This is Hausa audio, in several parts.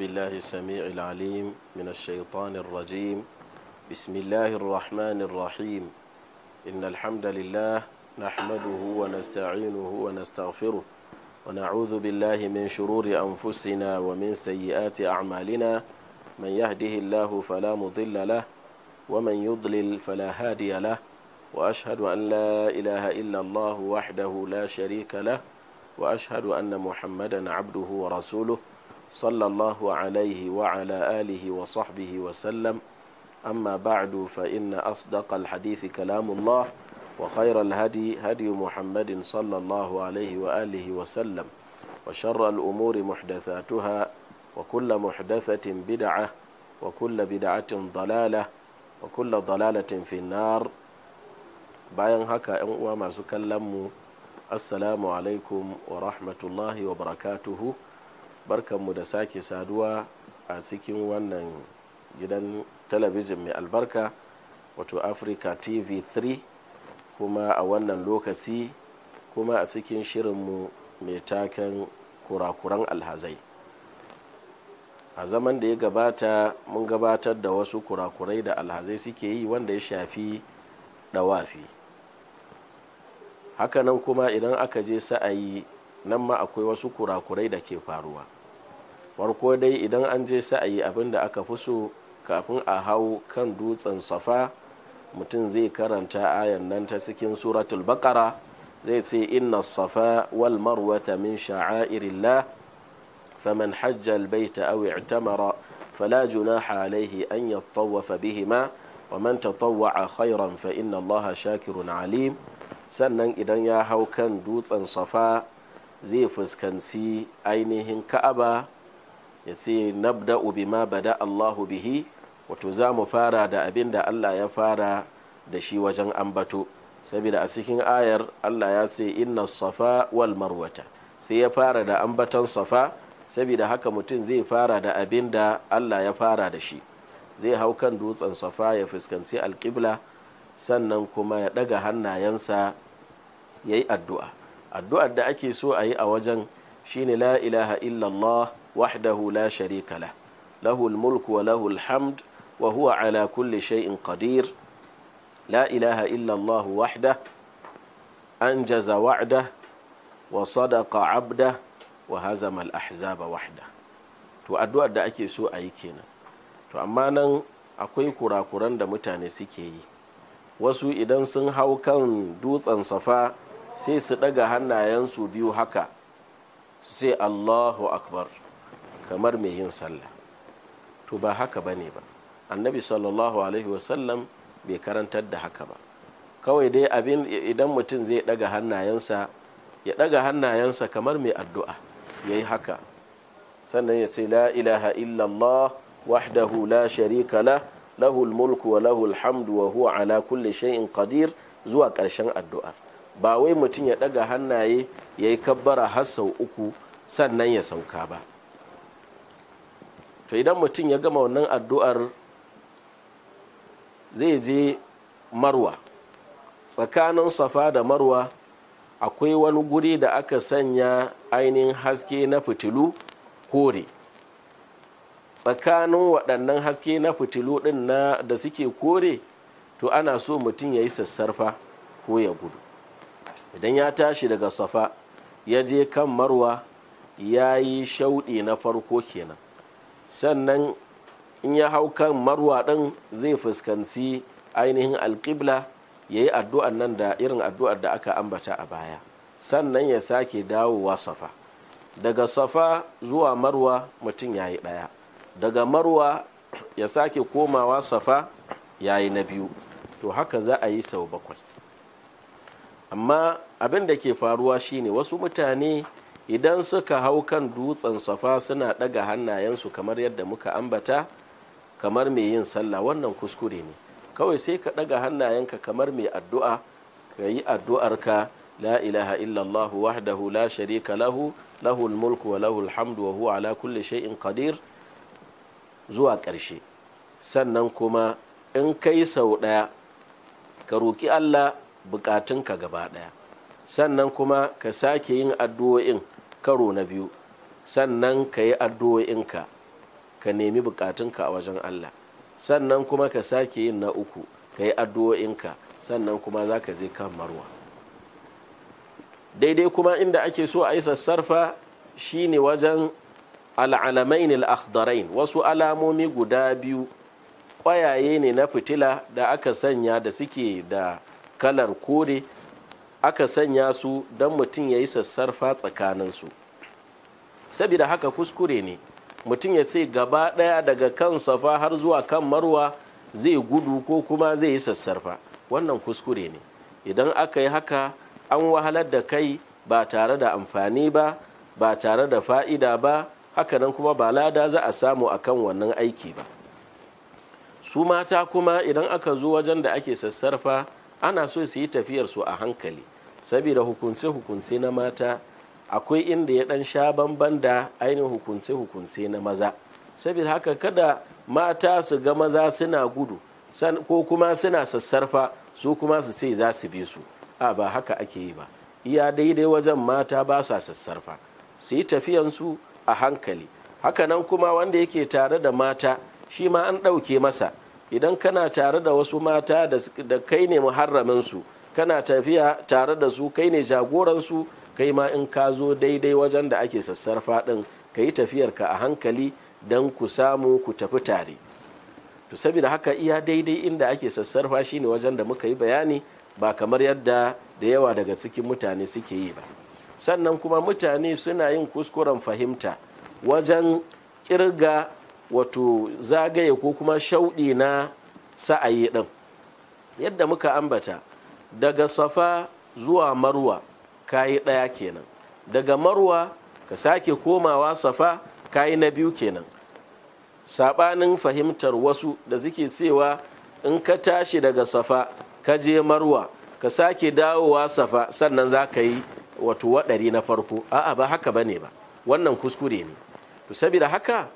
بالله السميع العليم من الشيطان الرجيم بسم الله الرحمن الرحيم إن الحمد لله نحمده ونستعينه ونستغفره ونعوذ بالله من شرور أنفسنا ومن سيئات أعمالنا من يهده الله فلا مضل له ومن يضلل فلا هادي له وأشهد أن لا إله إلا الله وحده لا شريك له وأشهد أن محمدا عبده ورسوله صلى الله عليه وعلى آله وصحبه وسلم أما بعد فإن أصدق الحديث كلام الله وخير الهدي هدي محمد صلى الله عليه وآله وسلم وشر الأمور محدثاتها وكل محدثة بدعة وكل بدعة ضلالة وكل ضلالة في النار bayan haka 'yan uwa masu عليكم ورحمة assalamu alaikum wa rahmatullahi wa barakatuhu barkanmu da sake saduwa a cikin wannan gidan talabijin mai albarka wato africa tv 3 kuma a wannan lokaci kuma a cikin shirinmu mai taken kurakuran alhazai a zaman da ya gabata mun gabatar da wasu kurakurai da alhazai suke yi wanda ya shafi dawafi hakanan kuma idan aka je sa'ayi nan ma akwai wasu kurakurai da ke faruwa farko dai idan an je sa'ayi abin da aka fi so kafin a hau kan dutsen safa mutum zai karanta ayan nan ta cikin suratul bakara zai ce inna safa wal marwata min sha'airillah faman hajja baita aw i'tamara fala junaha alayhi an yattawafa bihima wa man tatawwa'a khairan fa inna allaha shakirun alim sannan idan ya hau kan dutsen safa zai fuskanci ainihin ka'aba ya ce nabda ma bada allahu bihi wato za mu fara da abin da allah ya fara da shi wajen ambato saboda a cikin ayar allah ya ce inna safa wal marwata sai ya fara da ambaton safa saboda haka mutum zai fara da abin da allah ya fara da shi zai hau kan dutsen safa ya fuskanci alkibla sannan kuma ya ɗaga hannayensa ya yi addu'a addu'ar da ake so a yi a wajen shine la ilaha illallah وحده لا شريك له له الملك وله الحمد وهو على كل شيء قدير لا إله إلا الله وحده أنجز وعده وصدق عبده وهزم الأحزاب وحده to addu'ar da ake so a yi kenan to amma nan akwai kurakuran da mutane suke yi wasu idan sun hau kan dutsen safa sai su ɗaga hannayensu biyu haka su sai allahu akbar kamar mai yin sallah to ba haka ba ne ba annabi sallallahu alaihi wasallam bai karantar da haka ba kawai dai abin idan mutum zai daga hannayensa ya ɗaga hannayensa kamar mai addu'a ya yi haka sannan ya sai la ilaha illallah wahdahu la sharika la lahul mulku wa lahul hamdu wa huwa ala kulli shay'in qadir zuwa ƙarshen addu'ar ba wai mutum ya daga hannaye ya yi kabbara har sau uku sannan ya sauka ba to idan mutum ya gama wannan addu'ar zai je marwa tsakanin safa da marwa akwai wani guri da aka sanya ainihin haske na fitilu kore tsakanin waɗannan haske na fitilu ɗin na da suke kore to ana so mutum ya yi sassarfa ko ya gudu idan ya tashi daga safa ya je kan marwa ya yi shauɗi na farko kenan sannan in ya hau kan marwa ɗin zai fuskanci ainihin alƙibla ya yi addu'ar nan da irin addu'ar da aka ambata a baya sannan ya sake dawowa safa daga safa zuwa marwa mutum ya yi ɗaya daga marwa ya sake komawa safa ya yi na biyu to haka za a yi sau bakwai amma abin da ke faruwa shine wasu mutane idan suka hau kan dutsen safa suna ɗaga hannayensu kamar yadda muka ambata kamar mai yin sallah wannan kuskure ne kawai sai ka ɗaga hannayenka kamar mai addu'a ka yi ka la ilaha illallah wahdahu la sharika lahu lahul mulku wa lahul hamdu wa huwa ala kulli shay'in qadir zuwa ƙarshe sannan kuma in kai sau ɗaya ka roƙi Allah bukatunka gaba ɗaya sannan kuma ka sake yin addu'o'in karo na biyu sannan ka yi addu'o'inka ka nemi bukatunka a wajen Allah sannan kuma ka sake yin na uku ka yi addu'o'inka sannan kuma za ka je kan marwa daidai kuma inda ake so a yi sassarfa shine wajen al'alamain al'akhdarain wasu alamomi guda biyu ƙwayaye ne na fitila da aka sanya da suke da kalar kore aka sanya su don mutum ya yi sassarfa tsakaninsu saboda haka kuskure ne mutum ya sai gaba ɗaya daga kan safa har zuwa kan marwa zai gudu ko kuma zai yi sassarfa wannan kuskure ne idan aka yi haka an wahalar da kai ba tare da amfani ba ba tare da fa'ida ba hakanan kuma ba lada za a samu a kan wannan aiki ba su mata kuma idan aka zo wajen da ake sassarfa ana so su yi tafiyar su a hankali saboda hukunce hukunce na mata akwai inda ya dan sha bamban da ainihin hukunce hukunce na maza saboda haka kada mata su ga maza suna gudu ko kuma suna sassarfa su kuma su sai za su bi su a ba haka ake yi ba iya daidai wajen mata ba su sassarfa su yi tafiyansu a hankali hakanan kuma wanda yake tare da mata shi ma an ɗauke masa idan kana tare da wasu mata da kai ne muharraminsu kana tafiya tare da su kai ne jagoransu kai ma in ka zo daidai wajen da ake sassarfa din ka yi tafiyarka a hankali don ku samu ku tafi tare to saboda haka iya daidai inda ake sassarfa shine wajen da muka yi bayani ba kamar yadda da yawa daga cikin mutane suke yi ba sannan kuma mutane suna yin kuskuren fahimta wajen kirga wato zagaye ko kuma shauɗi na sa'ayi ɗin yadda muka ambata daga safa zuwa marwa kayi ɗaya kenan daga marwa ka sake komawa safa kayi na biyu kenan saɓanin fahimtar wasu da suke cewa in ka tashi daga safa ka je marwa ka sake dawowa safa sannan za ka yi wato waɗari na farko a'a ba haka ba ne ba wannan kuskure ne to saboda haka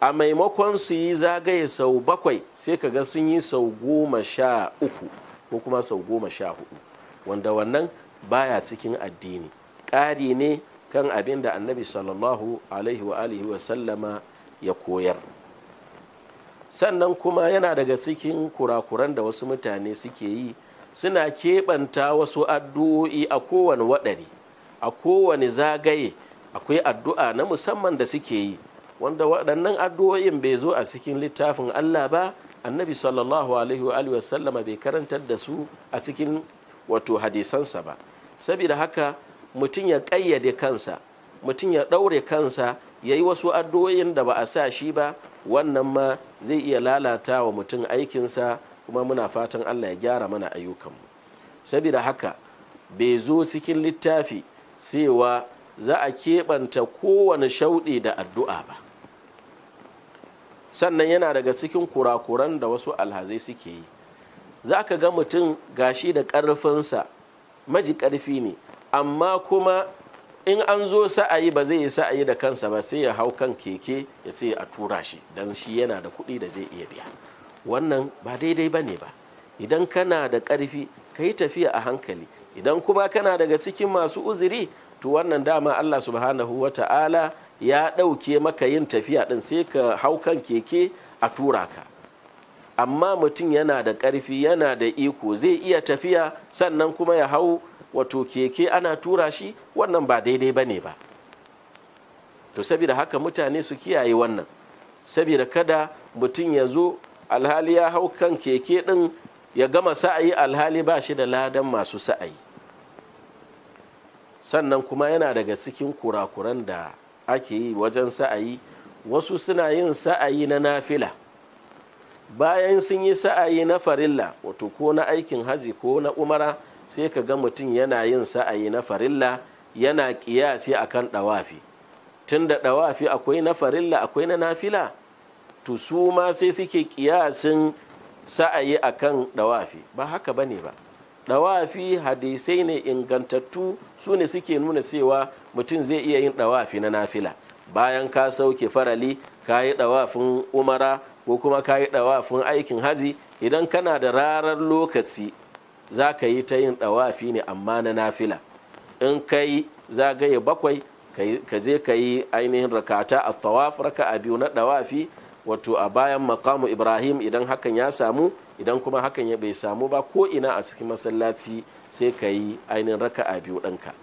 a maimakon su yi zagaye sau bakwai sai ka ga sun yi sau goma sha uku ko kuma sau goma sha hudu wanda wannan baya cikin addini ƙari ne kan abin da annabi sallallahu alaihi wa alihi wa sallama ya koyar sannan kuma yana daga cikin kurakuran da wasu mutane suke yi suna keɓanta wasu addu'o'i a kowane waɗari a kowane zagaye akwai addu'a na musamman da suke yi wanda waɗannan addu'o'in bai zo a cikin littafin Allah ba annabi sallallahu alaihi wa alihi wasallama bai karantar da su a cikin wato hadisansa ba saboda haka mutum ya ƙayyade kansa mutum ya ɗaure kansa ya yi wasu addu'o'in da ba a sa shi ba wannan ma zai iya lalata wa mutum aikinsa kuma muna fatan allah ya gyara mana ayyukanmu saboda haka bai zo cikin littafi cewa za a keɓanta kowane shauɗi da addu'a ba sannan yana daga cikin kurakuran da wasu alhazai suke yi za ka ga mutum gashi da karfinsa maji karfi ne amma kuma in an zo sa'ayi ba zai yi sa'ayi da kansa ba sai ya hau kan keke ya sai a tura shi don shi yana da kuɗi da zai iya biya wannan ba daidai ba ne ba idan kana da karfi ka yi tafiya a hankali idan kuma kana daga cikin masu uzuri to wannan dama allah subhanahu wa ta'ala ya ɗauke maka yin tafiya ɗin sai ka hau kan keke a tura ka amma mutum yana da ƙarfi yana da iko zai iya tafiya sannan kuma ya hau wato keke ana tura shi wannan ba daidai ba ne ba to saboda haka mutane su kiyaye wannan saboda kada mutum ya zo alhali ya hau kan keke ɗin ya gama sa'ayi alhali ba shi da ladan masu sa'ayi sannan kuma yana daga cikin kurakuran da ake yi wajen sa'ayi wasu suna yin sa'ayi na nafila bayan sun yi sa'ayi na farilla wato ko na aikin haji ko na umara sai ka ga mutum yana yin sa'ayi na farilla yana kiyasi akan ɗawafi tun da ɗawafi akwai na farilla akwai na nafila to su ma sai suke kiyasin sa'ayi akan ɗawafi ba haka bane ba dawafi hadisai ne ingantattu su ne suke nuna cewa mutum zai iya yin dawafi na nafila bayan ka sauke farali ka yi dawafin umara ko kuma ka yi dawafin aikin haji idan kana da rarar lokaci za ka yi ta yin dawafi ne amma na nafila in ka yi zagaye bakwai ka je ka yi ainihin rakata a tawaf raka a biyu na dawafi wato a bayan makamu ibrahim idan hakan ya samu idan kuma hakan ya bai samu ba ko ina a cikin masallaci sai ka yi ainihin a biyu ɗanka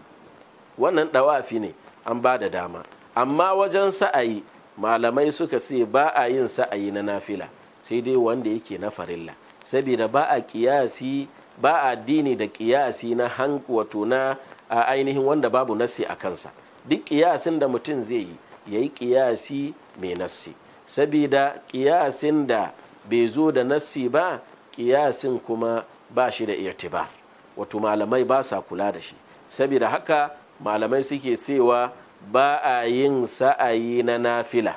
wannan ɗawafi ne an ba da dama amma wajen sa'ayi malamai suka ce ba a yin sa'ayi na nafila sai dai wanda yake na farilla saboda ba a kiyasi ba a dini da kiyasi na hankwato na a ainihin wanda babu nassi a kansa duk kiyasin da mutum zai yi ya yi kiyasi mai nassi saboda kiyasin da bai zo da nassi ba kiyasin kuma ba shi da irtibar wato malamai ba sa kula da shi saboda haka malamai suke cewa ba a yin sa'ayi na nafila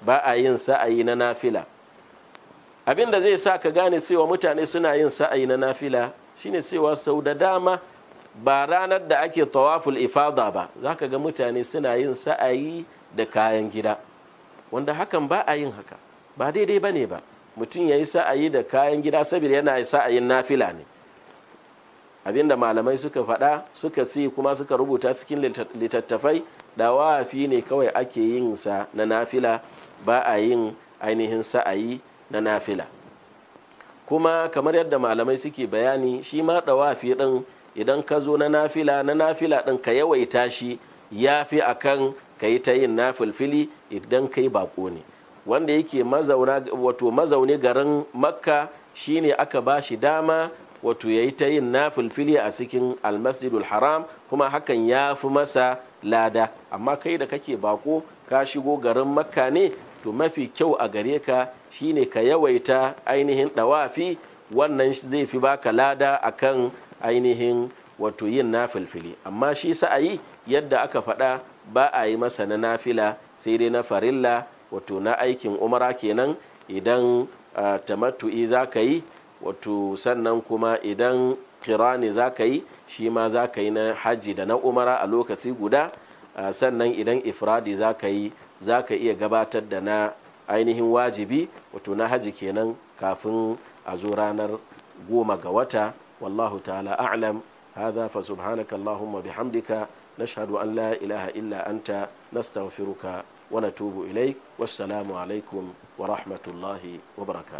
ba a yin sa'ayi na nafila abin da zai sa ka gane cewa mutane suna yin sa'ayi na nafila shine cewa sau da dama ba ranar da ake tawaful ifada ba za ka ga mutane suna yin sa'ayi da kayan gida wanda hakan ba a yin haka ba daidai ba ne ba mutum ya yi sa'ayi da kayan gida saboda yana sa'ayin nafila ne abinda malamai suka faɗa suka si kuma suka rubuta cikin littattafai da wafi ne kawai ake yin sa na nafila ba a yin ainihin sa'ayi na nafila kuma kamar yadda malamai suke bayani shi ma wafi ɗin idan ka zo na nafila na nafila ɗin ka yawaita shi ya fi akan ka yi ta yin nafilfili idan yi bako ne wanda yake wato mazaune garin makka shine aka ba shi dama wato ya yi ta yin nafilfili a cikin almasjidul haram kuma hakan ya fi masa lada amma kai da kake bako ka shigo garin makka ne to mafi kyau a gare ka shine ka yawaita ainihin dawafi wannan zai fi baka lada a kan ainihin wato yin nafilfili amma shi sa'ayi yadda aka faɗa ba a yi masa na nafila sai dai na farilla wato na aikin umara kenan idan tamattu'i za ka yi wato sannan kuma idan kirani za ka yi shi ma za ka yi na hajji da na umara a lokaci guda sannan idan ifradi za ka yi za ka iya gabatar da na ainihin wajibi wato na hajji kenan kafin a zo ranar goma ga wata wallahu ta'ala a'lam hadha fa subhanaka allahumma bihamdika nashhadu an la ilaha illa anta nastaghfiruka ونتوب إليك والسلام عليكم ورحمة الله وبركاته